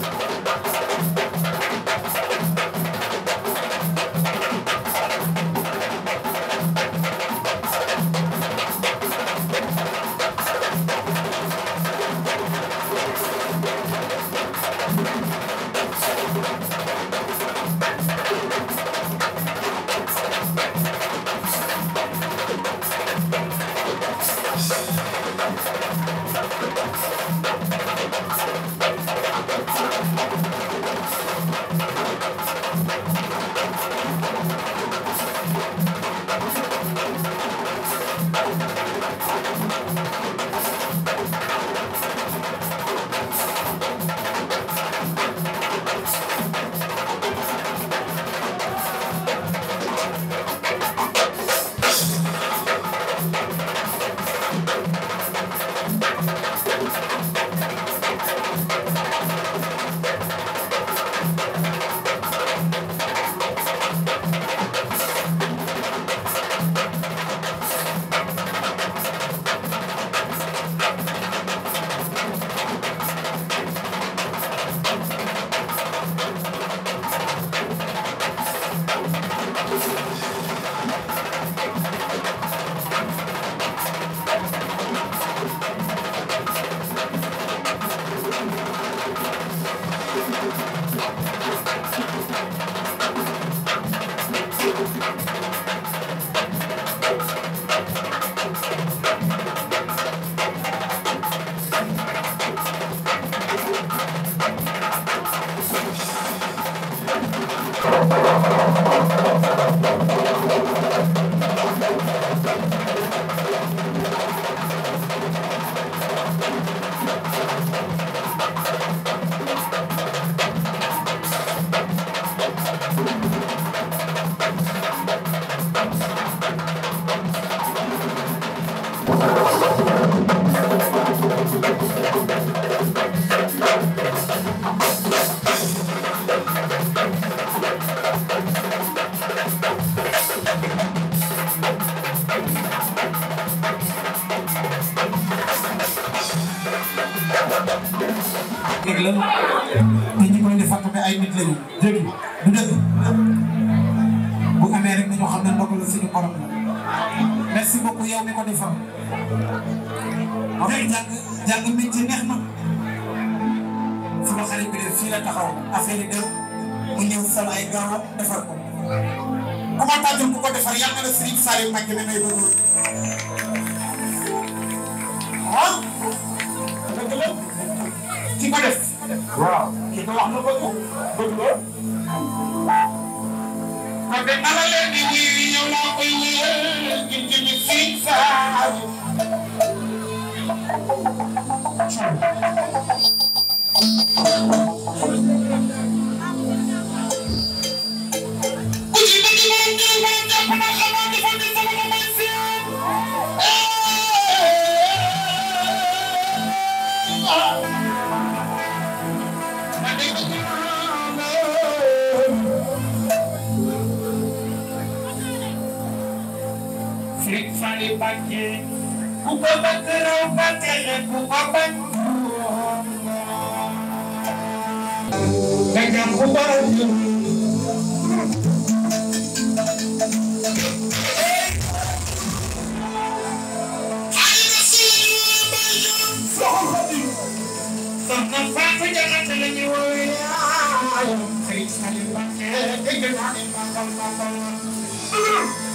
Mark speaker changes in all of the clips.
Speaker 1: Thank you. la te ñi koy def fàttali ay nit lañu jéggi du dëgg bu amee rek nañu xam ne ndogal la suñu borom la merci beaucoup yow mi ko defar wax jàng jàng mi ci neex na mu ñëw sol ay gaaw defar ko ku ma tàjjul ko defar yàlla na la Serigne Saliou Mbacké ne may bëgg ki ko def waaw ki ko wax na bëgg bëgg la. kon de ma la leen di wuyu ñëw naa koy wuyal ñu jëmi si saa. Afrique fan yi bàjjee ku ko bëgg raw ba texe ku ko bañ nga jam ku ko raw soxna Fatou Diakhaté la ñu woowee yaayam xëy xale Mbacke dégg naa ne mbàkkal mbàkkal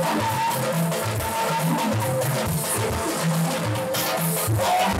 Speaker 1: Thank you.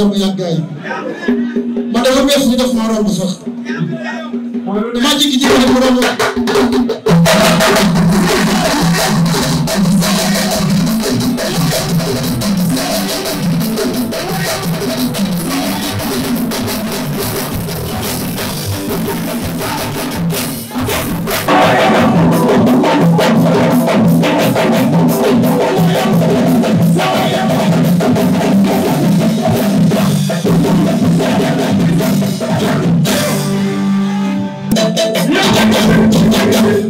Speaker 1: jàmm yàgg gaay man dafa weesu ñu def ma romb sax damaa jékki-jékki rek mu romb yàlla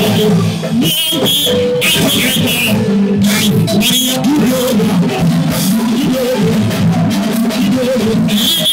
Speaker 1: Thank you.